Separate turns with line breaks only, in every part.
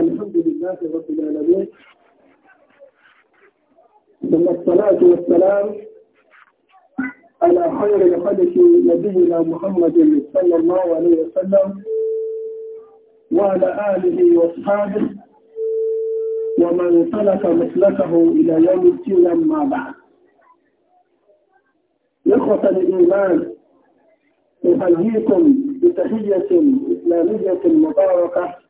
الحمد لله رب العالمين ثم الصلاة والسلام على خير الخلق نبينا محمد صلى الله عليه وسلم وعلى آله وأصحابه ومن سلك مسلكه إلى يوم الدين أما بعد إخوة الإيمان أحييكم بتحية إسلامية مباركة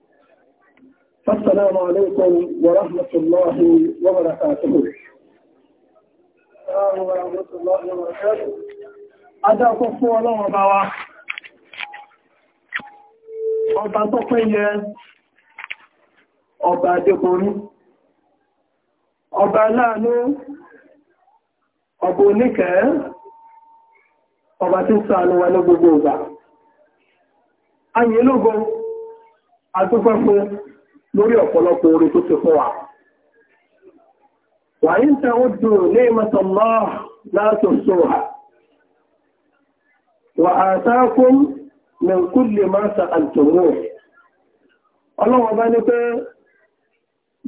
السلام عليكم ورحمة الله وبركاته السلام ورحمة الله وبركاته Adákọ́ fún ọlọ́run bá wá. Ọba tó pé yẹ ọba Adéborí, ọba láàánú, ọba oníkẹ̀ẹ́, ọba tí ń ṣàánú wa ní gbogbo ìgbà. Ayé lógo, àtúgbẹ́ fún lórí ọ̀pọ̀lọpọ̀ orí tó ti fún wa. Wà ń tẹ ó dùn ní ìmọ̀tàn máa látò sọ ha. Wà á sákún kú lè máa sa Ọlọ́wọ́ bá ní pé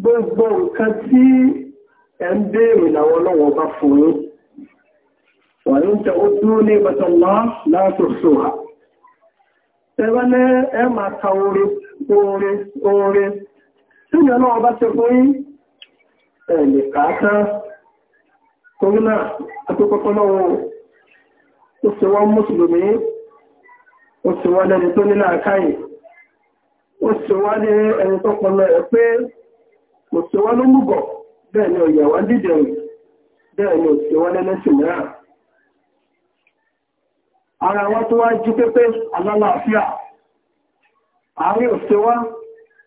gbogbo nǹkan tí ẹ ń béèrè làwọn ọlọ́wọ́ bá fún Wà ń tẹ ó dùn ẹ máa ka Tíyẹ̀ náà bá ti pín ẹ̀lẹ̀ kàátá kòrónà àtòkọ́kọ́ lọ́wọ́ ó ṣe wọ́n mùsùlùmí, ó ṣe wọ́n lẹ́ni tó nílà káyì, ó ṣe wọ́n ní ẹni tó pọ̀lọ ẹ̀ pé kò ṣe wọ́n ló múgọ̀ bẹ́ẹ̀ ni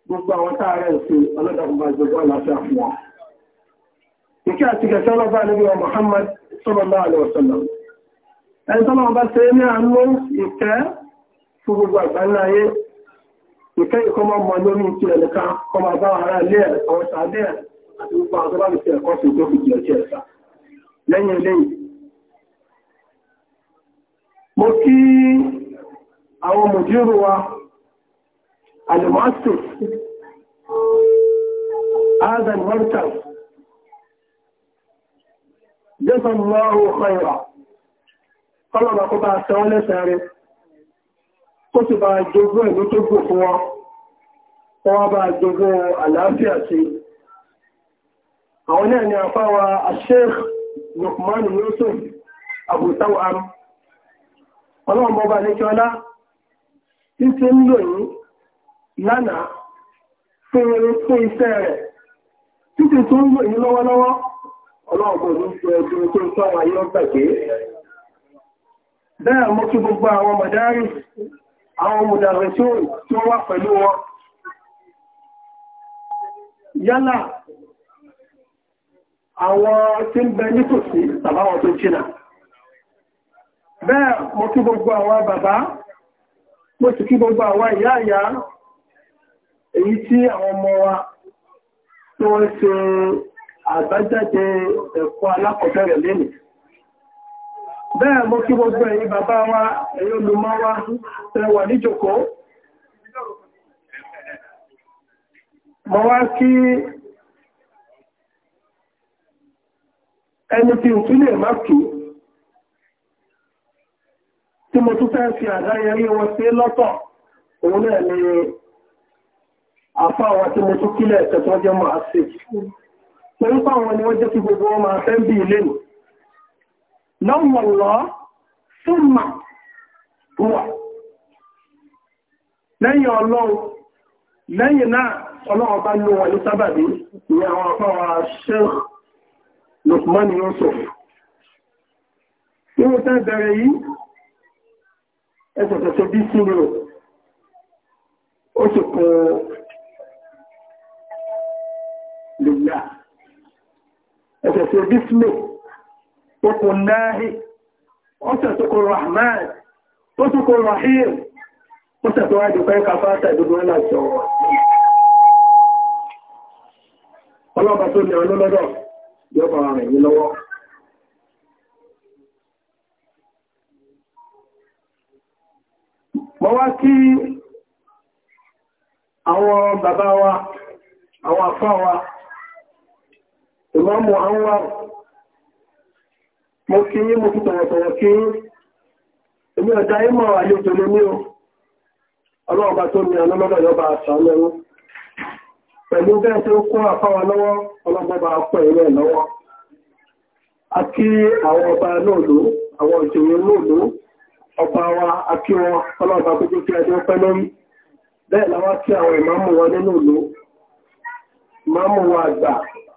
gbogbo àwọn táàrẹ ìfẹ́ ọlọ́dàkùnbà ìgbogbo àlàáfíà fún wọn. Ìkẹ́ àti gẹ̀ẹ́sẹ́ ọlọ́bà níbi wa Muhammad sallallahu alaihi wasallam. Ẹni tọ́lọ́ bá ṣe ní àánú ìkẹ́ fún gbogbo àgbáńláyé, ìkẹ́ ìkọmọ mọ lórí ti ẹ̀lẹ́ka, kọmọ bá ara ilé ẹ̀, àwọn sàádé ẹ̀, àti gbogbo àwọn tọ́lá mo kí àwọn mùdírù wa المؤسس هذا المركز جزا الله خيرا قال ما قطع السؤال ساري كتب الجزء نتبه هو وابا الجزء الأفياسي هنا أن يفاوى الشيخ لقمان يوسف أبو توأم ọlọ́run bọ́bá ní kí ọlá lánàá fèrè fún iṣẹ́ rẹ̀ títí tó ń lòyìn lọ́wọ́lọ́wọ́ ọlọ́ọ̀gbọ̀n ló fi ẹgbẹ̀rẹ̀ tó ń sọ ayé ọgbàgbé bẹ́ẹ̀ mọ́ kí gbogbo àwọn mọ̀dárì àwọn mọ̀dárì tí wọ́n wà pẹ̀lú wọn yálà àwọn tí ń bẹ nítòsí tàbáwọn tó jìnà bẹ́ẹ̀ mọ́ kí gbogbo àwọn bàbá mọ́ sí kí gbogbo àwọn ìyá ìyá èyí tí àwọn ọmọ wa tí wọ́n ṣe àbájáde ẹ̀kọ́ alákọ̀ọ́bẹ̀rẹ̀ lẹ́nìí bẹ́ẹ̀ mọ́ kí gbogbo ẹ̀yin bàbá wa ẹ̀yin olùmọ̀ wa tẹwà níjòkó mọ́ wá kí ẹni tí òtún lè má kí tí mo tún fẹ́ fi àdáyẹrí wọn sí lọ́tọ̀ òun náà ni àfá àwọn tí mo tún kílẹ̀ ẹ̀tẹ̀ tó jẹ́ máa ṣe torí fáwọn ni wọ́n jẹ́ kí gbogbo wọn máa fẹ́ bí ilé nù lọ́wọ̀lọ́ súnmà wà lẹ́yìn ọlọ́run lẹ́yìn náà ọlọ́run bá ló wọn ní sábàbí ní àwọn afáwà Sheikh Lukman Yusuf ó sì ìlà ẹsẹ̀ tó bísmì okùn náàhì ọ̀sẹ̀ tó kò rahman tó tó kò rahim ọ̀sẹ̀ tó wájú pẹ́ ká fáta ìdúgbò ńlá jọ ọlọ́ba tó lè ọlọ́lọ́dọ̀ yọba rẹ̀ yí lọ́wọ́ mọ́ wá kí àwọn bàbá wa àwọn àfá wa ìmọ́mù anwar mo kí yí mo tọ̀wọ̀tọ̀wọ̀ kí yí èmi ọ̀dá ìmọ̀ àlejò lé ní o ọlọ́ọ̀bá tó ní ọlọ́lọ́dọ̀ yọba àṣàlẹ́rú pẹ̀lú bẹ́ẹ̀ tó kún àfáwa lọ́wọ́ a a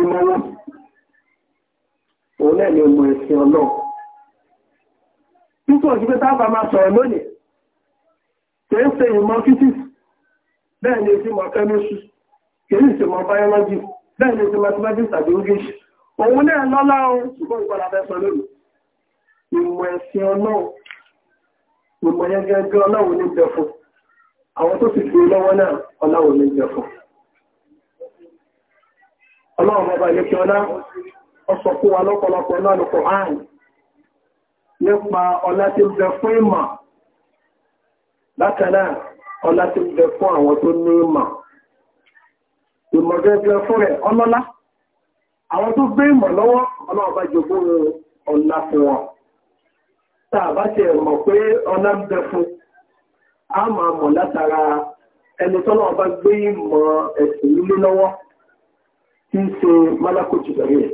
sí mọ́wọ́ òun náà ni ọmọ ẹ̀sìn ọlọ́run títún òṣìṣẹ́ tábà máa sọ̀rọ̀ lónìí kìí ṣe ìmọ̀ físíìsì bẹ́ẹ̀ ni ìsìnmọ̀ kẹ́mísù kìí ìsìnmọ̀ báyọ́lọ́jì bẹ́ẹ̀ ni ìsìnmọ̀ mathematics àti english òun náà lọ́lá ohun ṣùgbọ́n ìpadà fẹ́ sọ lónìí ìmọ̀ ẹ̀sìn ọlọ́run ìmọ̀ yẹn gẹ́gẹ́ ọlọ́run ní bẹ̀ fún àwọn tó sì fi lọ́wọ́ náà ọlọ́run ọlọ́run ọba ilé kíọ́lá ọsọ kó wa lọ́pọ̀lọpọ̀ náà lọ́pọ̀ àrùn nípa ọlá tí ń bẹ fún ìmọ̀ látàlá ọlá tí ń bẹ fún àwọn tó ní ìmọ̀ ìmọ̀gẹ́ bẹ fún rẹ̀ ọlọ́lá àwọn tó gbé ìmọ̀ lọ́wọ́ ọlọ́run ọba jogún ọlá fún wọn tá a bá ti mọ̀ pé ọlá ń bẹ fún a máa mọ̀ látara ẹni tọ́lọ́run ọba gbé ìmọ̀ ẹ̀sìn nílé lọ́wọ́ tí í ṣe Malakú Jibril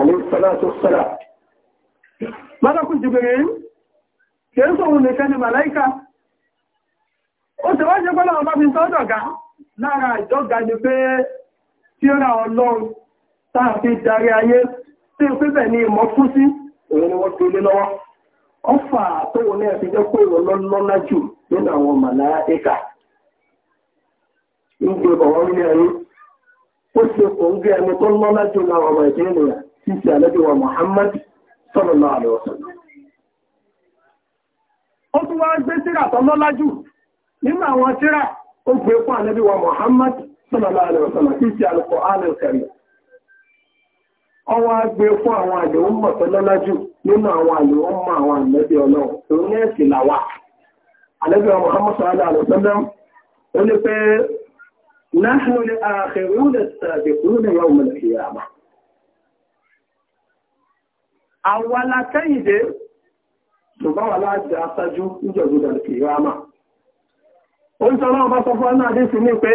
àlẹ́sọ́láṣọ́ sọ́lá. Malakú kìí sọ̀rọ̀ nìkan ni Màláíkà. Ó ti wá ṣe pẹ́lá ọba fi na lára ìjọ́gá ni pé tí ó ra ọlọ́run táà darí ayé tí ni ìmọ̀ fún sí òun ni wọ́n tó lé lọ́wọ́. Ọfà tó wọn fi pé ìrọ̀lọ́lọ́lá jù nínú àwọn Màláíkà. Ń gbé bọ̀wọ́ o ṣe kò ń gbé ẹni tó lọ́lá jù lọ ọmọ ìdíyẹnìyà títí wa Muhammad gbé síra tó lọ́lá jù nínú àwọn síra ó gbé fún àlẹ́bí wa Muhammad sallallahu alaihi wasallam na al fún àwọn نحن الآخرون السابقون يوم القيامة àwọlá كيد ṣùgbọ́n wà láti aṣájú níjọ̀gbọ́dà kìíwámà ó الله sọ́lọ́wọ́ bá sọ fún في àdísì ní pé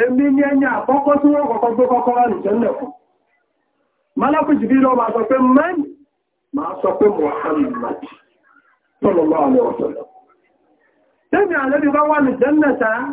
èmi ní ẹni àkọ́kọ́ tí wọ́n kọ́kọ́ gbé kọ́kọ́ rán ìjẹ́lẹ̀ fún malakú jìbí lọ máa sọ pé mẹ́rin máa sọ pé Muhammad sallallahu alaihi wasallam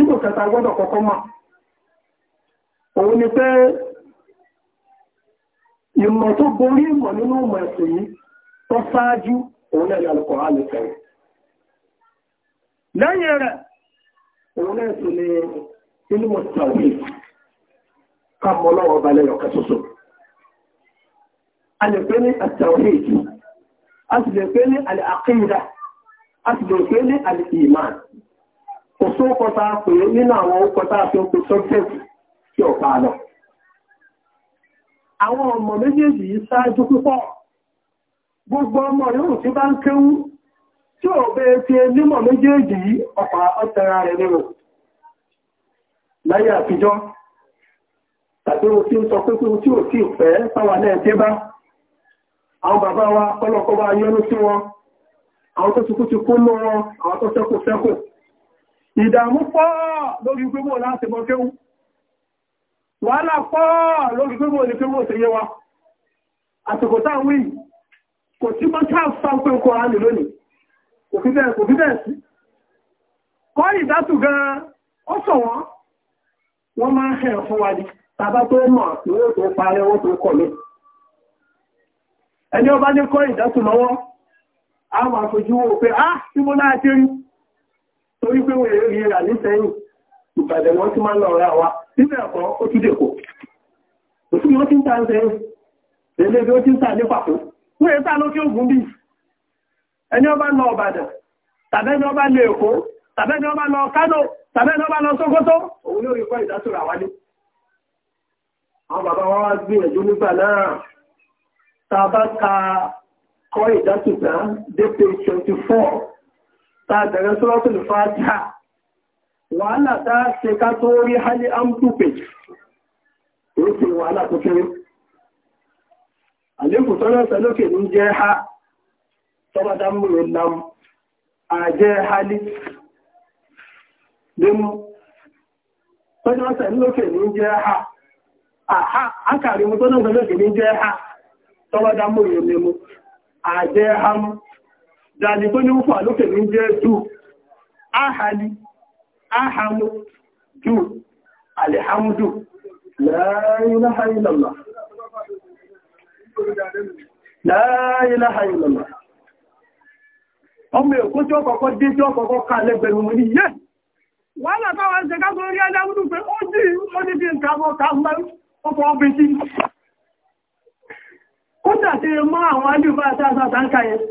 ipò kẹta gbọ́dọ̀ kọ́kọ́ mọ̀ òun ni pé ìmọ̀ tó borí ìmọ̀ nínú ìmọ̀ ẹ̀sìn yìí tó ṣáájú òun náà yàlùkọ̀ alùfẹ̀ẹ́ lẹ́yìn rẹ̀ òun náà sì ni ilmọ̀ tàwí kàmọ́ lọ́wọ́ balẹ̀ kò ụkọta ó kọta pè nínú àwọn ó kọta àti ó tí ó lọ. Àwọn ọmọ méjèèjì Gbogbo ọmọ yóò tí bá ń kéwú tí ti nímọ̀ méjèèjì yìí ọ̀pá rẹ̀ nínú. Láyé àtijọ́, tàbí o ti ń sọ pé tí sáwà náà bá. Àwọn bàbá wa ọlọ́kọ́ bá yọ́nú sí wọn, àwọn tó ti kú ti kú àwọn tó ìdàmú pọ̀ lórí gbogbo láti mọ́ kéwú wàhálà pọ̀ lórí gbogbo ní kéwú òsè yé wa àsìkò táwí kò tí mọ́ káà sáńpé kọ́ ránì lónìí kò fi bẹ́ẹ̀ sí kọ́ ìdátù gan ó sọ wọ́n wọ́n máa ń hẹ̀ fún wa ní tàbá tó mọ̀ lówó tó parí owó tó kọ̀ lé ẹni ọba ní kọ́ ìdátù lọ́wọ́ a máa fojú wo pé ah tí mo náà ti rí torí pé wọ́n èrè rà ní sẹ́yìn ìbàdàn wọ́n ti máa ń lọ ra wa nígbà ẹ̀kọ́ ó tún dèkò òtún ni wọ́n ti ń ta sẹ́yìn lèlé bí ó ti ń ta ní pàtó wọ́n èrè ta lókè ògùn bí ẹni ọba lọ ọ̀bàdàn tàbí ẹni ọba lọ èkó tàbí ẹni ọba lọ kánò tàbí ẹni ọba lọ sókótó òun ní òyìnbó ìdásùrà wálé àwọn bàbá wa wá gbìyànjú nígbà náà tá a bá ka kọ́ ìdásùrà dé page ta bẹ̀rẹ̀ suratul fatiha wàhálà tá ṣe ká tó rí hálí amtúpè wa sì wàhálà tó alifu àlékù tọ́lọ́sẹ̀ lókè ha je hali àjẹ́ hálí lémú tọ́lọ́sẹ̀ lókè ní ha àkàrí mú tọ́lọ́sẹ̀ lókè ní jẹ́ ha a je àjẹ́ mu. dàní tó ní ń fà lókè ní jẹ́ jù áhàní áhàmú jù alìhámúdù láàrínláha ọmọ èkó tí ó kọ̀kọ́ dé tí ó kọ̀kọ́ ká lẹ́gbẹ̀rún ní yẹ́ rí pé ó ó ní bí nǹkan mọ́ ká mọ́ sí kó tàbí mọ́ àwọn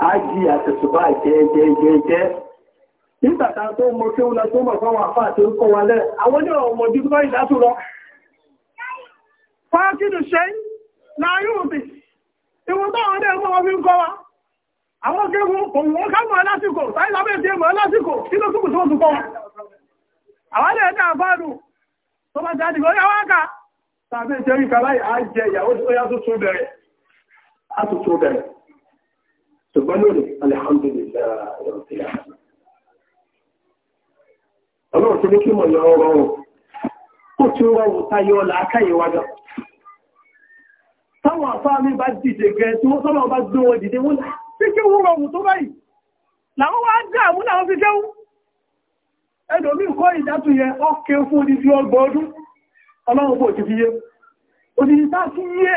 ha ji ìjẹ́ẹ̀jẹ́ẹ̀jẹ́ nígbàtà tó mọ́ kí ó lọ tó mọ̀ fáwọn àfáà tó ń wa lẹ́ àwọn ní ọmọ dúdúbá ìdásù lọ fáàkìdù ṣe láàrín òbí ìwọ̀n táwọn ọdẹ́ ẹgbọ́n wọn fi ń kọ́ wa àwọn ṣùgbọ́n lónìí alihamdulilayi ọlọ́run ti ní kí mọ̀ yọ ọrọ̀ ọ̀rọ̀ ó tún rọrùn tayọ làákàyè wájọ táwọn àfáàmì bá dìde gẹ tí wọ́n sọ́lọ́ bá gbé wọn dìde wọ́n fi kí wọ́n rọrùn tó báyìí làwọn wá dáàmú làwọn fi kéwú ẹlòmí kọ́ ìdátù yẹ ọkẹ fún odidi ọgbọ̀n ọdún ọlọ́run kò ti fi yé odidi tá sí yé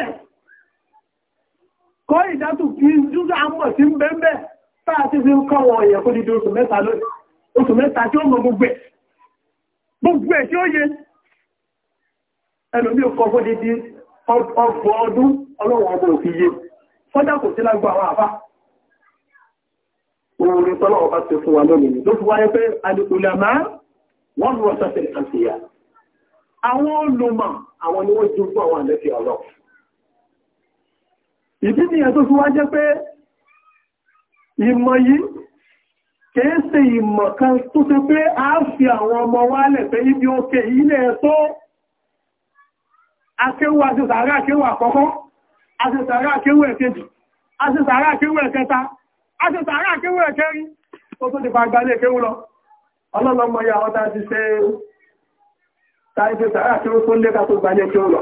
kọ́ ìdátù kí jújú àmọ̀ sí ń bẹ́ẹ̀bẹ́ táà ti fi ń kọwọ̀ èèyàn kó dídí oṣù mẹ́ta lórí oṣù mẹ́ta tí ó mọ gbogbo ẹ̀ tí ó yẹ ẹlòmí ọkọ̀ fó dídí ọgbọ̀ ọdún ọlọ́wọ̀n ọgbọ̀ òfin yé fọ́dá kò sí lágbà àwọn àfá ìdí nìyẹn tó fi wá jẹ́ pé ìmọ̀ yìí kìí ṣe ìmọ̀ kan tó ṣe pé a fi àwọn ọmọ wálẹ̀ pé ibi òkè ilẹ̀ tó akéwà àṣẹsàárá akéwà àkọ́kọ́ aṣẹsàárá akéwà ẹ̀kejì aṣẹsàárá akéwà ẹ̀kẹta aṣẹsàárá akéwà ẹ̀kẹrin tó tó ti fàgbálẹ̀ kéwù lọ ọlọ́lọ́mọ yà ọ́ta ti ṣe tàíṣẹsàárá akéwà tó lẹ́ka tó gbálẹ̀ kéwù lọ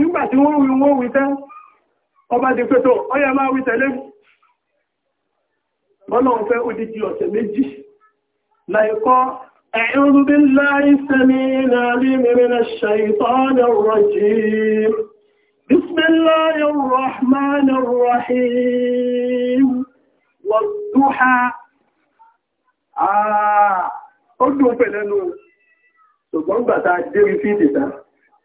nígbà tí wọ́n wí wọ́n wí tán ọba di pẹ́tọ̀ ọya máa wí tẹ̀lé ọlọ́run fẹ́ odidi ọ̀sẹ̀ méjì láìkọ́ أعوذ بالله بسم الله الرحمن الرحيم ọdún pẹ̀lẹ́nu ṣùgbọ́n gbàtà dé ìfìdìta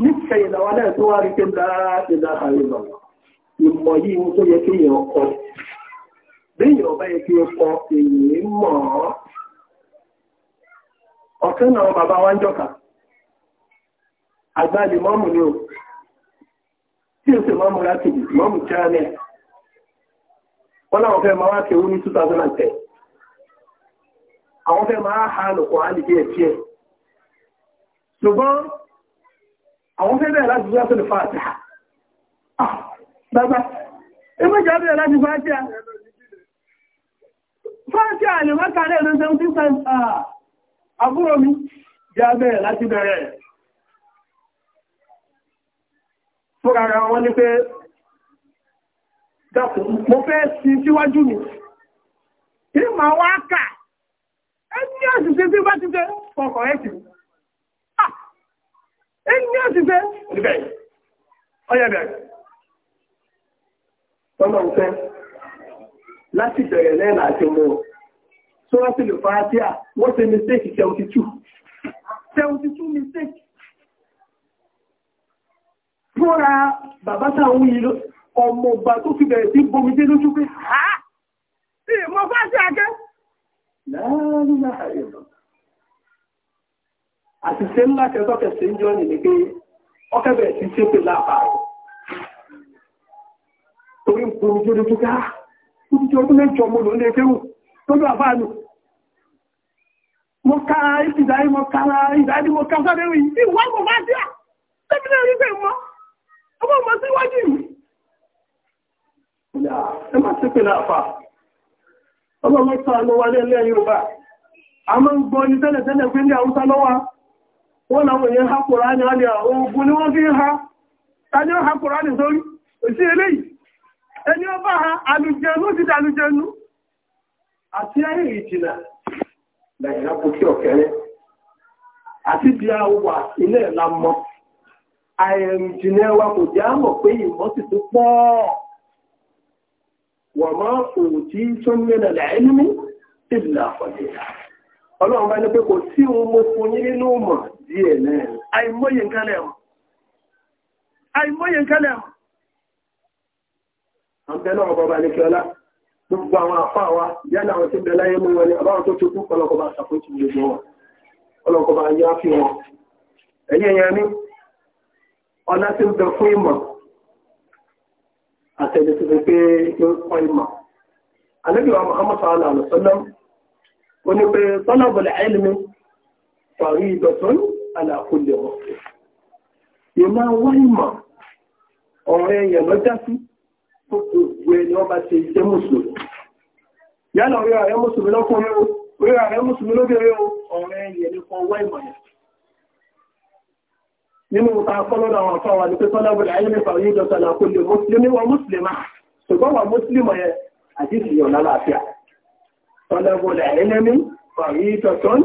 nífẹ̀ẹ́ ìlàwà náà tó wá rí pé dára ìdára ìlọ ìmọ̀ yìí mú tó yẹ kí èèyàn kọ bí èèyàn bá yẹ kí ó kọ èèyàn mọ̀ ọ́ ọ̀kan náà bàbá wa ń jọ̀ka àgbàlè mọ́mù ni ó tí ó sì mọ́mù láti bì mọ́mù jáàmì wọ́n láwọn fẹ́ máa wá kéwú ní 2010 àwọn fẹ́ máa hàn lùkọ́ á lè díẹ̀ díẹ̀ ṣùgbọ́n àwọn fẹ́ bẹ̀rẹ̀ láti sọ́tọ̀ lè fàájì ah, bàbá ìmọ̀já bẹ̀rẹ̀ láti fàájì à fàájì à lè mọ́ta rẹ̀ lọ́sẹ̀ ń fífà àbúrò mi já bẹ̀rẹ̀ láti bẹ̀rẹ̀ fúrara wọn ní pé dákùn mo fẹ́ sí síwájú mi kí màá wá kà ẹni àṣìṣe tí bá ti jẹ́ fọkọ̀ ẹ̀kì ẹni àtìfẹ́ ìbẹ̀ ọyẹ̀bẹ̀ tọ́lọ̀ ń fẹ́ láti bẹ̀rẹ̀ lẹ́nà àti mọ́ tó wá sí lè fa àti à wọ́n ṣe mistake 72 72 mistake fúnra bàbá táwọn yìí ọmọ ọgbà tó fi bẹ̀rẹ̀ sí bomidé lójú pé ha ìmọ̀ fásí àkẹ́ láàrin láàrin àti ṣe ńlá kẹtọ́kẹ̀ sí ń jọ ní ní pé ọkẹ̀bẹ̀ ti ṣe pè láàpàá torí kúrú jórí tó ká kúrú jọ ọdún mẹ́jọ mo lò ní ẹgbẹ́rún tó lọ àbá nù mo ká ìdáyé mo ká ìdáyé mo ká sáré rí ìwọ́n mo bá dí à tẹ́bílẹ̀ rí pé mọ́ ọmọ mọ́ sí iwájú yìí ẹ má ṣe pè láàpàá ọmọ mọ́ sọ àlọ́wálé ẹlẹ́ Yorùbá a máa ń gbọ́ ní tẹ́lẹ̀ tẹ́lẹ̀ pé ní Haúsá lọ́wọ́ wọ́n láwọn èèyàn ha Kùránì alẹ́ ogun ni wọ́n fi ha tàbí ha Kùránì sórí òsí eléyìí ẹni ọ bá ha alùjẹnu ti alùjẹnu àti ayé ìjìnà nàìjíríà kò sí ọ̀kẹ́rẹ́ àti bí a wà ilẹ̀ lámọ́ kò jẹ́ ọlọ́run bá ní pé kò díẹ̀ náà àìmọye nǹkan lẹ́wọ̀n àìmọye nǹkan lẹ́wọ̀n àbẹ́lọ́ ọ̀bọ̀ bá ní kí ọlá gbogbo àwọn àfáà wa yálà àwọn tí ń bẹ láyé mú wọn ni àbáwọn tó tókù ọlọ́kọba àṣàkóso gbogbo wọn ọlọ́kọba ayé á fi wọn ẹ̀yẹ alákòlè ọ̀pọ̀. Ìmá wá ìmọ̀ ọ̀rẹ́ èèyàn lọ já sí tó kò gbé ni wọ́n bá ṣe jẹ́ mùsùlùmí. Yálà orí ààrẹ mùsùlùmí lọ́kùnrin o, orí ààrẹ mùsùlùmí lóbìnrin o, ọ̀rẹ́ èèyàn ní kan wá ìmọ̀ yẹn. Nínú ta kọ́lọ́dọ̀ àwọn afọ́ wa ni pé tọ́lá bọ̀lá ayé mẹ́fà yìí dọ́ta làkòlè mùsùlùmí wa mùsùlùmá. Ṣùgbọ́n wa mùsùlùmọ̀ yẹn àdìsí yọ̀ lálàáfíà. Tọ́lá bọ̀lá ayé mẹ́mí fà yìí dọ́tọ́ni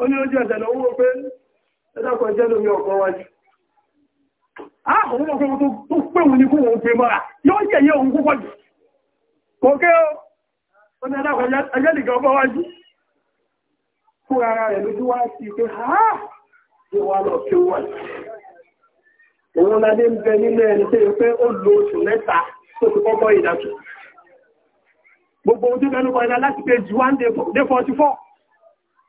ó ní ojú ẹ̀sẹ̀ lọ́wọ́ pé ẹ̀dàkọ̀ jẹ́ lórí ọkọ̀ wájú àwọn ọmọ tó pẹ̀wù ní kún òun pè mọ́ra yóò jẹ́ yẹ òun púpọ̀ jù kò kí ó ní ẹ̀dàkọ̀ ẹjẹ́ nìkan ọkọ̀ wájú fún ara rẹ̀ lójú wá sí pé ha ní wà lọ kí ó wà òun ládé ń bẹ nínú ẹni tó yẹ pé ó lo oṣù mẹ́ta tó ti kọ́kọ́ ìdájọ́ gbogbo ojú mẹ́nu kan láti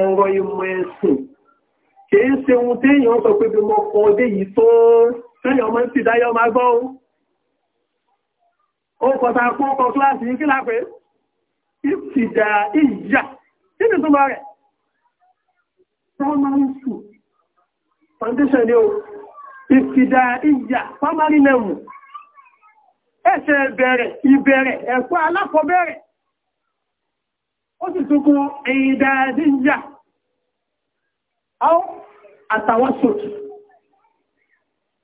ọ̀rọ̀ ìmọ̀ ẹ̀sìn kìí ṣe ohun téèyàn sọ pé bí mo kọ ọdé yìí tó téèyàn mọ́ sí dáyọ́ máa gbọ́ ó kọta kó kọ kíláàsì yìí kílá pé ìtìdà ìyà kí ni túnbọ̀ rẹ̀ primary school foundation ni o ìtìdà ìyà primary level ẹ̀ṣẹ̀ bẹ̀rẹ̀ ìbẹ̀rẹ̀ ẹ̀kọ́ alákọ̀ọ́bẹ̀rẹ̀ ó sì tún kún ẹ̀yìn dáadé ń yà áó àtàwọn sòtù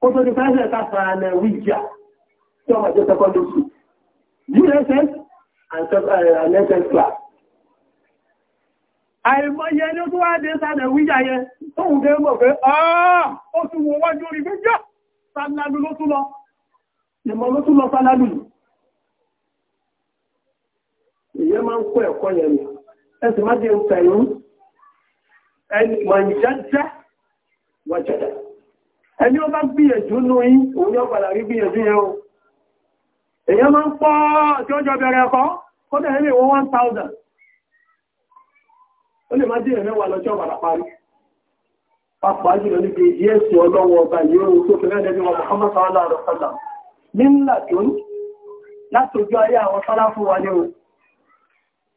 ó tó ní fẹ́sẹ̀ káfàá nà wíjà tí ọmọ jẹ́ secondary school USS and SS eh, class àìmọye ní ó tó wá dé sánà wíjà yẹn tó ń gẹ́ mọ̀ pé ọ́ọ̀ ó tún wọ́n wájú orí méjì sánà lú ye máa ń kó ẹ̀kọ́ yẹn ni ẹsẹ̀ má jẹ́ ń tẹ̀lú ẹni mọ̀njájá wọ́jọ̀dá ẹni ó bá gbìyànjú òun yóò padà rí gbìyànjú yẹn o èyàn máa ń pọ́ tí ó jọ bẹ̀rẹ̀ ẹ̀kọ́ kó tẹ̀lé one thousand. ó lè má wà lọ́jọ́ padà parí níbi ọlọ́wọ́ ọba tó fi rẹ́ lẹ́bí wọn Muhammad tó ayé àwọn sálá fún wa ní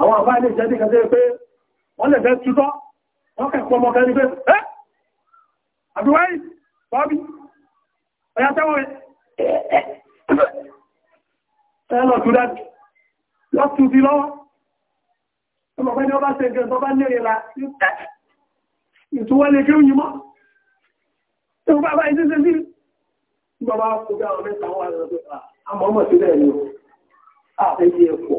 àwọn àbá ilé ìjẹ́ díkà jẹ́ pé wọ́n lè fẹ́ tútọ́ wọ́n kẹ́kọ́ ọmọ kẹ́rin pé ẹ́ àbíwáyì bọ́bí ọya tẹ́wọ́ rẹ̀ ẹ́ lọ tún dájú lọ tún sí lọ́wọ́ ọmọ pẹ́ ni ọba ṣe gẹ̀ẹ́ mọ́ tó sílẹ̀ ni ó, àfẹ́ yí ẹ̀kọ́.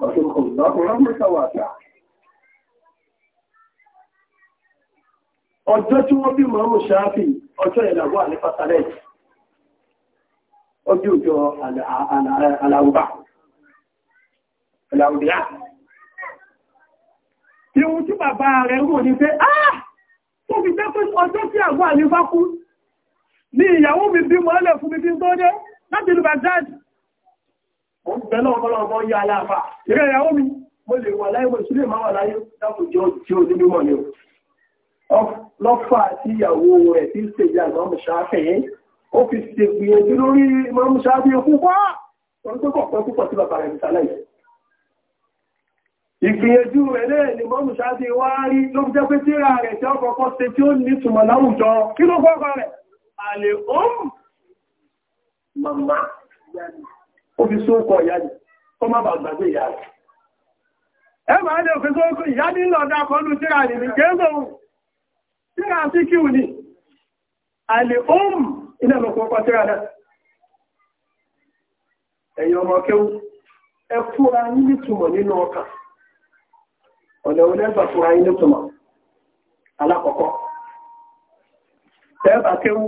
وتلقوا الله رحمة واسعة ọjọ́ tí wọ́n bí mọ́rún ṣááfì ọjọ́ ìlàgbó àlẹ́fàtàlẹ́jì ọjọ́ òjò aláwùbá aláwùbíà tí ohun tí bàbá rẹ̀ rò ní pé áà tó fi jẹ́ pé ọjọ́ tí àgbó àlẹ́fà kú ní ìyàwó mi bí mọ́lẹ̀ fún mi bí tó dé láti lùbàjáde mo ń bẹ náà ọ̀pọ̀lọpọ̀ yí aláàfà ìrẹ́ ìyàwó mi mo lè wà láyé mo sílé máa wà o lọ́fà ìgbìyànjú rẹ̀ náà ni mọ́mù ṣáfẹ́ wá rí ló fi jẹ́ pé tíra rẹ̀ tí ọkọ̀ kọ́ ṣe tí ó ní ìtumọ̀ láwùjọ kí ló kọ́ rẹ̀ àlè ó umm mọ̀má ó fi sún kọ ìyá ni kó má bàa gbàgbé ìyá rẹ̀ ẹ máa lè fi sún kọ ìyá ní lọ́dá kọlu tíra nìmi kéèzòun tíra ni àlè òun ilé lọ́pọ̀ pọ̀ tíra náà ẹ̀yìn ọmọ kéwú ẹ fúra yín nítumọ̀ nínú ọkàn ọ̀nà olẹ́gbà fúra yín nítumọ̀ alákọ̀ọ́kọ́ tẹ́ẹ̀bà kéwú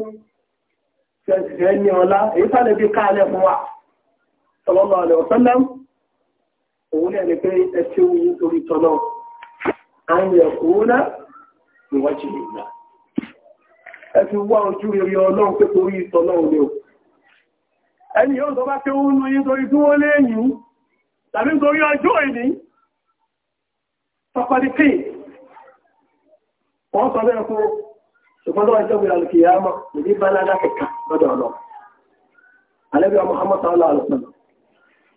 tẹ́ẹ̀sì ní ọlá èyí sálẹ̀ bí káàlẹ̀ fún wa sallallahu alaihi wasallam òun náà ni pé ẹ tí ó yí torí tọ́lọ́ à ń yẹ kúrúnà níwájú ìgbà ẹ fi wá ojú rere ọlọ́run pé torí tọ́lọ́run ni o ẹni yóò sọ bá pé ó ń nu yín torí tí wọ́n léyìn tàbí torí ọjọ́ ìní pàpàdìkì wọ́n sọ bẹ́ẹ̀ fún ṣùgbọ́n tó wà jẹ́ ìrìnàlùkì yàmọ̀ ìdí bá ládá kẹta lọ́dọ̀ ọlọ́run alẹ́bíà Muhammad sallallahu alaihi wasallam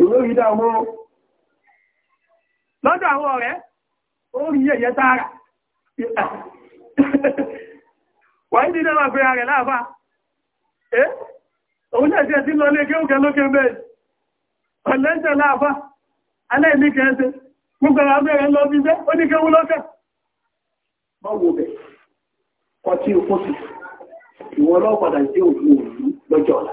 èwo yìí dáwó lọ́dọ̀ àwọn ọ̀rẹ́ ó rí yẹ̀yẹ́ tààrà wà ní ìdílé máa rẹ̀ láàbá ẹ́ òun jẹ́ sí lọ lé kéhùn kẹlókè mẹ́rin ọ̀lẹ́sẹ̀ láàbá aláìní kẹ́ẹ̀ẹ́sẹ̀ gbogbo abẹ́rẹ́ lọ bí jẹ́ lọ́jọ́ ọ̀la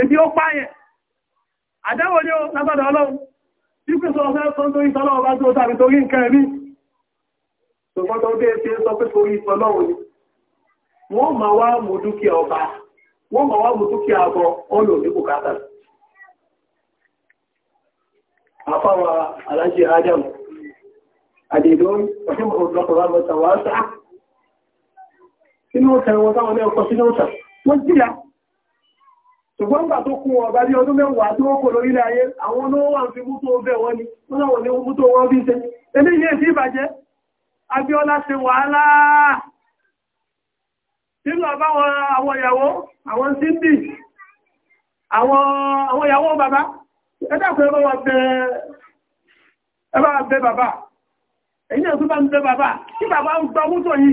Èdí ó páyẹ̀. Àdáwò ní ó lábádà ọlọ́run, tí kò sọ ọ̀fẹ́ tó ń torí sọ́lọ́ ọba tó tàbí torí nǹkan rí. Ṣùgbọ́n tó dé ṣe sọ pé torí sọ́lọ́run ni. Wọ́n máa wá mú dúkìá ọba, wọ́n máa wá mú dúkìá àbọ̀ ọlọ́ ní bùkátà. Àfáwà Aláṣẹ Ádámù, Àdìdóyìn, ọ̀sẹ̀ mọ̀ ọ̀dọ́kọ̀ rá mọ́ta wá sáà. Inú ọ̀sẹ̀ wọn táwọn ẹ̀kọ́ sínú ọ̀sẹ̀, wọ́n jìyà ṣùgbọ́n gbà tó kún ọ̀bá bí ọdún mẹ́wàá tó kò lórílẹ̀ ayé àwọn olówó wà ń fi mú tó bẹ̀ wọ́n ni wọ́n láwọn ní mú tó wọ́n bí ṣe ẹni ilé sí ìbàjẹ́ Abíọ́lá ṣe wàhálà nínú àbáwọn àwọn ìyàwó àwọn síndì àwọn ìyàwó bàbá ẹ̀dàkùn ẹbá wà bẹ bàbá ẹ̀yìn ẹ̀sùn bá ń bẹ bàbá kí bàbá ń gbọ́ mú tó yìí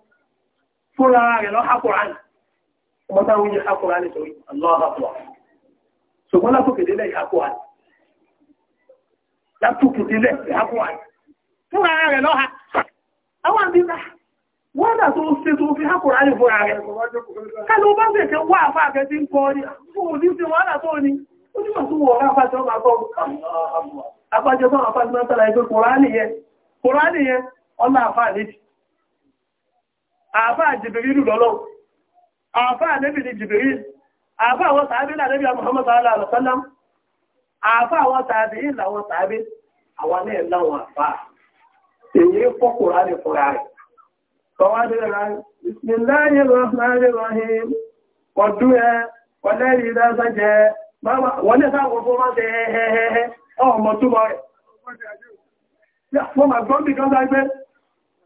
fúnra rẹ̀ lọ hákùránì ọmọ táwọn oúnjẹ hákùránì tó yìí aláhàbọ̀ ṣùgbọ́n látòkè délẹ̀ ìhákùránì látòkè délẹ̀ ìhákùránì fúnra rẹ̀ lọ ha àwọn àbí náà wọ́n dà tó ṣe tó fi hákùránì fúnra rẹ̀ kálọ̀ bá wá ń kọ́ ni fún òní wọ́n dà tó ni ó wọ́n àbá jìbìrìlù lọ́lọ́ àbá ànẹ́bì ni jìbìrìlù àbá àwọn sàábé náà lẹ́bí Muhammad àbá àwọn sàábé ìlà àwọn àwọn náà àbá èyí fọ́kùnrà ní fúnra rẹ̀ tọ́wádé rẹ̀ bismillahir rahmanir rahim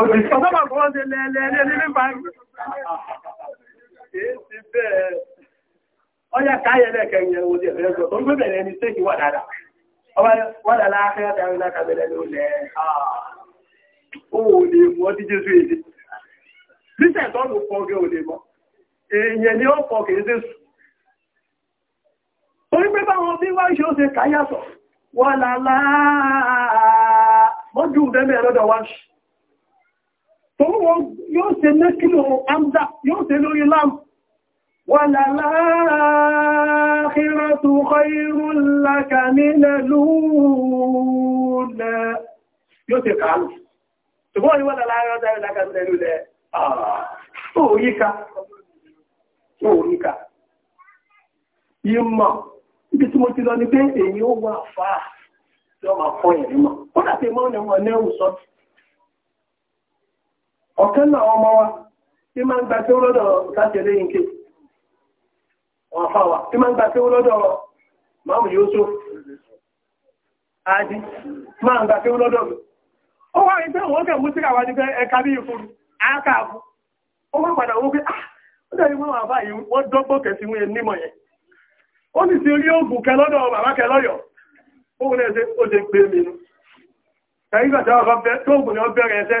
Ọ̀sọ́bà kọ́ ṣe lẹ́lẹ́lẹ́ ní nípa ọjọ́ káyẹ̀lẹ́ kẹrin ẹ̀wọ̀n jẹ́ fẹ́ sọ tó ń gbẹ̀bẹ̀ ẹni tẹ́ kí wà dáadáa wọ́n dà láàárín àtàrí lákàbẹ̀lẹ̀ ló lẹ́ ààrùn ó lè mọ́ tí Jésù èdè tó wọ́n yóò ṣe mẹ́kìlò amza yóò ṣe lórí láàmù wà láàáhírọ̀ tó kọ́ irú lákà nílẹ̀ lúúlẹ̀ yóò ṣe kàálù ṣùgbọ́n yíwọ́ láàáhírọ̀ lákà nílẹ̀ lúúlẹ̀ ìmọ̀ ibi tí mo ti lọ ní pé èyí ó wà fàá lọ́wọ́ fún ìrìnmọ̀ ó dàtí mọ́ ọ̀nà ọ̀nà ẹ̀rù sọ́tù ọ̀kan náà ọmọ wa tí ma ń gba tí ó lọ́dọ̀ láti ẹlẹ́yìn ké tí máa ń gba tí ó lọ́dọ̀ máàmù Yusuf adi máa ń gba tí ó lọ́dọ̀ mi ó wá wọ́n kẹ̀ mú bí àákàbù ó wá padà wọ́n pé ah! àbá yìí wọ́n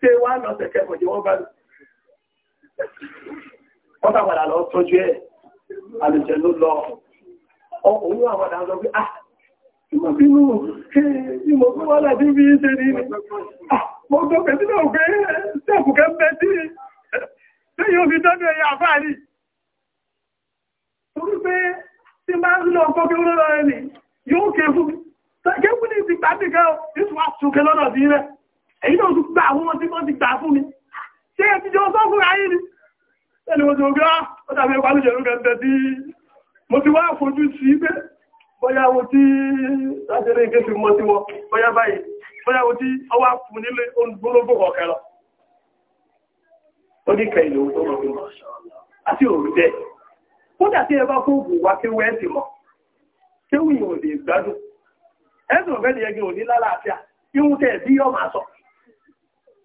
ṣe wá lọ tẹ̀kẹ́ bọ̀jẹ̀ wọ́n bá wọ́n bá padà lọ tọ́jú ẹ̀ àlùjẹ̀ ló lọ ọkùnrin àwọn àdáńsọ pé ah ìmọ̀ bínú kí ìmọ̀ tó wá láti bí í ṣe ní ah, mọ́ tó pẹ̀ sílẹ̀ ògbé tẹ́kùkẹ́ mẹ́ sí tí yóò fi tọ́jú ẹ̀yà àfáàrí torí pé tí máa ń lọ ọkọ́ kí ó lọ́rọ̀ ẹni yóò kẹ́ fún mi kẹ́kùn ní ti pàtíkẹ́ èyí náà tún gba àwọn tí wọ́n ti gbà fún mi ṣé ẹ ti jọ sọ fún ayé ni ẹni mo ti wọ́n gbá ah, ó dàbí ẹ̀kọ́ àlejò ló gẹ̀ẹ́gẹ́ tí mo ti wá fojú sí pé bóyá wo tí láti rí ìgbésí mọ́ sí wọn bóyá báyìí bóyá wo tí ọwá fún nílé olùgbólógbò ọ̀kẹ́ lọ ó ní kẹyìn lòun tó rọrùn àti òru jẹ kódà tí ẹ bá kó òògùn wá kéwú ẹ sì mọ kéwú yìí ò lè gbádùn ẹ sì mọ̀ fẹ́ ni ẹgbẹ́ òní lálàáfíà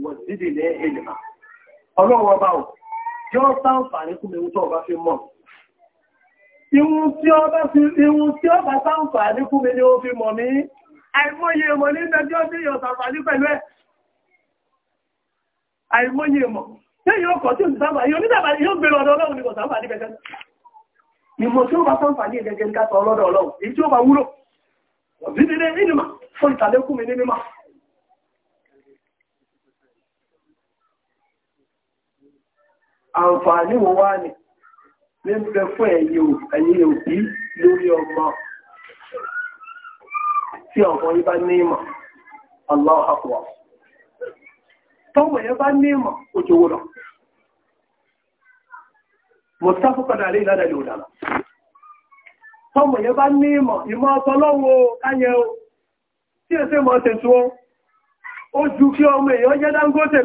wọ̀sídì ní ìlìmà ọlọ́wọ́ bá ò jọ sáǹfàní fún ewu tó ọba fi mọ̀ ihun tí ọba sáǹfàní fún mi ni ó fi mọ̀ mí àìmọye mọ̀ ní ẹjọ́ tí yọ sáǹfàní pẹ̀lú ẹ̀ àìmọye mọ̀ lẹ́yìn ọkọ̀ tí ó ti sáǹfàní yóò nígbàgbà yóò gbèrò ọ̀dọ̀ ọlọ́run ní kò sáǹfàní gẹ́gẹ́ ìmọ̀ tí ó bá sáǹfàní gẹ́gẹ́ ní ká sọ ọlọ́dọ̀ ọlọ́run èyí tí ó bá wúlò ọ̀bí nílé ìnìmọ̀ fún ìtàlékùn mi ní mímọ̀ àǹfààní wo wá ní ní ń bẹ fún òbí lórí ọmọ tí ọmọ bá ní ìmọ̀ tọ́wọ̀ yẹn bá ní ìmọ̀ lọ mọ̀tàkù padà lè ládà lè òdàlà tọ́wọ̀ yẹn bá ìmọ̀ káyẹ o tí mọ̀ ó ju kí ọmọ èèyàn jẹ́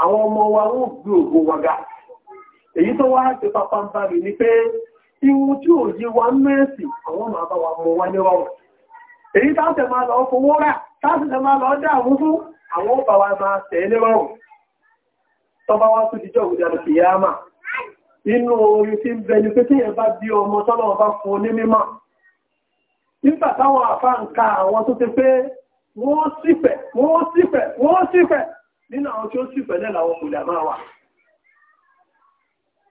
àwọn ọmọ wa wọ́n gbé ògbó waga èyí tó wá ṣe pápá ń bá rí ni pé ihun tí ò yí wa mẹ́sì àwọn ọmọ bá mọ wá níwọ̀n èyí táṣẹ̀ máa lọ fowó rà táṣẹ̀ máa lọ dá àwọn fún àwọn ọba wa máa tẹ̀ níwọ̀n wá tó inú orin tí ń bẹ ọmọ fún ní nígbà táwọn àfáǹkà àwọn tó ti pé wọ́n nínú àwọn tí ó sì pẹ̀lẹ́ làwọn kò dàmà wà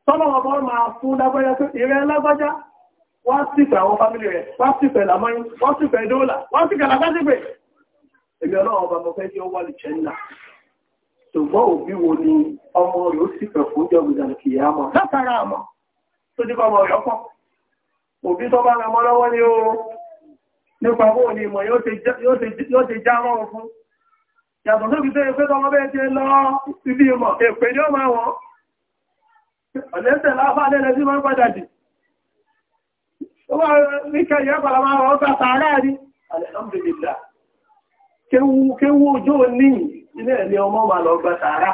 tọ́lọ́wọ́ bọ́ máa fún lágbájá pé ìrẹ́ lágbájá wá sípẹ̀ àwọn fámílì rẹ̀ wá sípẹ̀ làmọ́yìn wá sípẹ̀ dóòlà wá sípẹ̀ làgbájípẹ̀ èmi ọlọ́wọ́ bá mọ́ fẹ́ tí ó wà lè jẹ́nà ṣùgbọ́n òbí wo ni ọmọ rẹ̀ ó sípẹ̀ fún jọ ìdàlù kìí ni ó nípa bóò ni ìmọ̀ yóò ti já rọrùn fún yàtọ̀ tó fi tẹ́ ẹgbẹ́ tọmọ bẹ́ẹ̀ jẹ lọ ibi ìmọ̀ èpè ní ọmọ wọn ọ̀lẹ́sẹ̀ láfà lẹ́lẹ́ sí máa ń padà dì ó wà níkẹ ìyá padà máa wọ́n gbà tààrà rí alhamdulillah kéwú ojú ní ilé ẹ̀lẹ́ ọmọ mà lọ gbà tààrà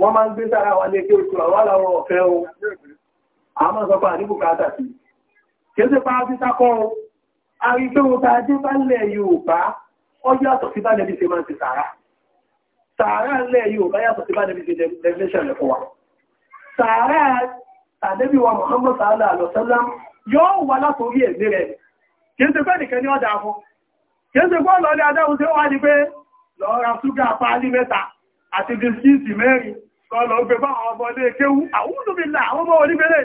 wọ́n máa ń gbé sára wà ní kéwú àwọn aláwọ̀ o àmọ́ sọ pé àdínkù káàtà sí kéwú pa á ti sákọ́ a rí pé mo ta dé ọ yàtọ̀ sí bá nẹbí ṣe máa ń ti sàárà sàárà ńlẹ̀ yóò bá yàtọ̀ sí bá nẹbí ṣe definition rẹ̀ fún wa sàárà tàbí wa Muhammad sallallahu alaihi wasallam yóò wà látòrí ẹ̀mí rẹ̀ kìí ṣe pé nìkan ní ọ̀dà fún kìí ṣe pé lọ́dẹ adáhùn tí ó wá ní pé lọ ra ṣúgà páálí mẹ́ta àti bisikíìtì mẹ́rin kọ́ lọ gbé bá àwọn ọmọ ilé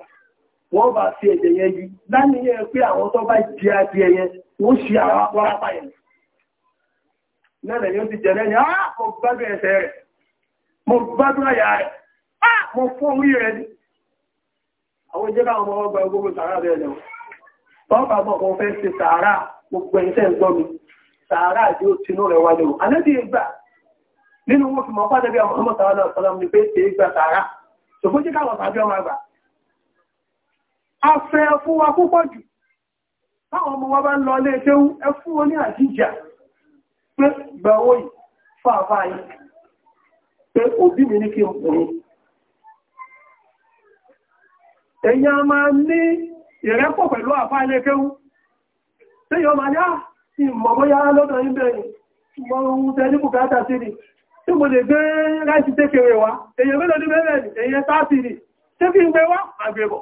wọ́n bá fi ẹ̀jẹ̀ yẹn yí láníyàn pé àwọn tó bá jí adìẹ yẹn wọ́n ṣe àwọn apárapá yẹn lẹ́lẹ̀ yóò ti jẹ̀lẹ́ ni ah mo gbádùn ẹsẹ̀ rẹ̀ mo gbádùn àyà rẹ̀ ah fún orí rẹ̀ ni àwọn ìjẹ́ bá ọmọ ọgbà gbogbo sàárà bẹ́ẹ̀ lọ mọ̀ rẹ̀ afẹ́ fún wa púpọ̀ jù táwọn ọmọ wa bá ń lọ ilé kéwú ẹ fún wọn ní àjíjà pé gbàwó yìí fàfà yìí pé òbí mi ní kí n pòrò èyàn máa ní ìrẹ́pọ̀ pẹ̀lú àfá ilé kéwú tí yọ máa yá sí mọ̀mọ́yá lọ́dọ̀ ìbẹ̀rẹ̀ mọ̀rún ni tí mo ni tí fi ń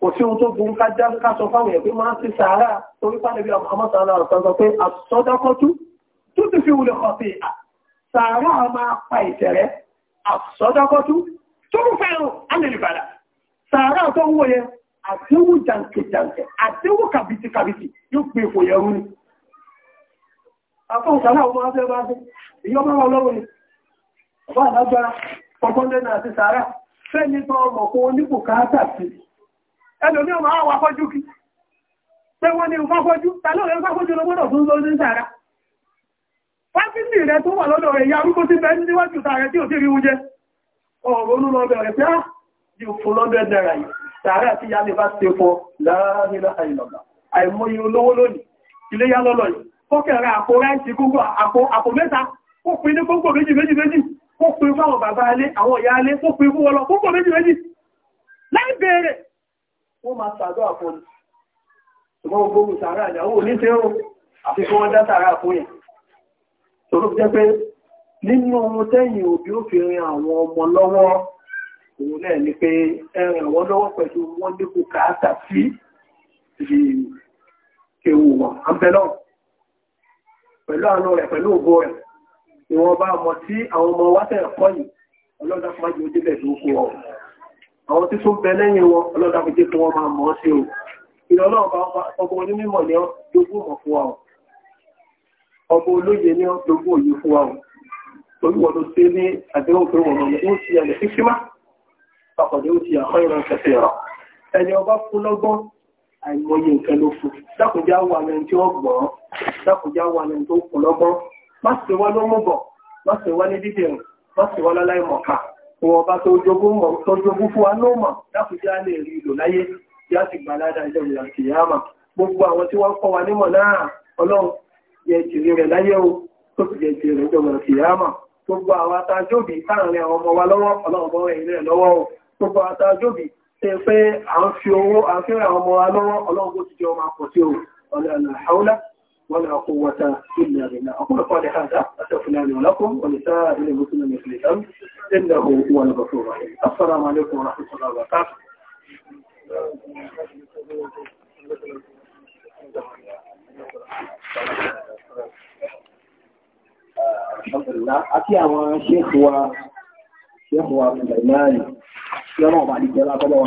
kò sí ohun tó burú ká já ká sọ fáwọn èèyàn pé máa ń ti sàárà torí pàdébí Muhammad sallallahu alaihi wasallam pé àsọdọ́kọ́tú tó ti fi wulẹ̀ kọ̀ sí sàárà máa pa ìtẹ̀rẹ́ àsọdọ́kọ́tú tó ń fẹ́ràn ánìlìbàdà sàárà tó ń wòye àdéhùn jàǹkẹ̀jàǹkẹ̀ àdéhùn kàbìtì kàbìtì yóò gbé ìfò yẹrú ni àfọ́n sàárà ọmọ afẹ́ bá dé ìyọ́ máa wọn lọ́wọ́ ni wọ́n àlágbára ọgbọ́n lẹ́nà àti sàárà fẹ́ni tó ọmọ kó oníbùkátà sí i ẹlòmí ọmọ àwọn afọ́jú kí pé wọ́n ní ìfáfọ́jú tàbí ọ̀rẹ́ ìfáfọ́jú ló gbọ́dọ̀ fún lórí sára fásitì rẹ tó wà lọ́dọ̀ rẹ̀ ya arúgbó tí bẹ́ẹ̀ níwájú tààrẹ tí ò sí rí oúnjẹ ọ̀rọ̀ olúlọ́bẹ̀ rẹ̀ pé á ah, yóò fún lọ́dọ̀ ẹ̀dẹ̀rẹ̀ yìí tààrẹ tí ya lè bá ṣe fọ láàrínlá àìlọ́gbà àìmọye olówó lónìí ilé yá lọ́lọ́ yìí kọ́kẹ̀rẹ̀ àpò ráìsì gbogbo àpò mẹ́ta ó pin ní gbogbo méjì méjì méjì ó pin fáwọn bàbá alé àwọn ìyá alé ó pin fún wọn lọ gbogbo méjì méjì láì bèèrè wọ́n máa tàdọ́ àfọ́nù ṣùgbọ́n gbogbo sàárà ìyàwó oníṣẹ́ ó àti fún wọ́n dá sàárà fún yẹn tó ló jẹ́ pé nínú ohun tẹ́yìn òbí ó fi rin àwọn ọmọ lọ́wọ́ òun náà ni pé ẹ̀rìn àwọn lọ́wọ́ pẹ̀lú wọ́n dínkù káàtà sí ewu wọn àbẹ̀lọ́ pẹ̀lú àánú rẹ̀ pẹ̀lú ògo rẹ̀ ìwọ̀nba ọmọ tí àwọn ọmọ wáṣẹ̀ ẹ̀kọ́ yìí ọlọ́dà fún débẹ̀ tó kú ọ̀rọ̀ àwọn tí tún bẹ lẹ́yìn wọn ọlọ́dàkùnjẹ́ fún wọn máa mọ́ sí o ìrọ̀lọ́ ọkùn oní mímọ̀ ni ọ́ jogún o ọmọ olóye ni ọ́ jogún o olúwọ̀ ló ṣe ní àdéhùn pé wọ̀n mọ̀ ó ti ẹ̀lẹ̀ fífímá papọ̀dé ó ti àkọ́ ìran kẹfẹ́ rọ̀ ẹni ọba fún lọ́gbọ́n àìmọye nǹkan ló fún dákùnjá wà lẹ́ni tí wọ́n gbọ́n dákùnjá wà lẹ́ni tó kù lọ́gbọ́n má ṣe wá ló mú bọ̀ má ṣe wá ní dídìrùn má ṣe wá láláì mọ̀ká wọn bá tó jogún fún wa ló mọ̀ dákùjá lè rí ìlò láyé tí a sì gbà ládà ìjọ ìlà gbogbo àwọn tí wọ́n kọ́ wa nímọ̀ náà ọlọ́run yẹ jìrì rẹ̀ láyé o tó sì jìrì gbogbo àwọn gbogbo àwọn ọmọ wa ولا قوة إلا بالله أقول قولي هذا أتفناني لكم ولسائر المسلمين في الأمر إنه هو الغفور الرحيم السلام عليكم ورحمة الله وبركاته Alhamdulillah, àti àwọn ṣéèkù هو ṣéèkù wa Sùlẹ̀mánì, yọ́nà ọ̀bà àdìjẹ́ lábọ́bọ́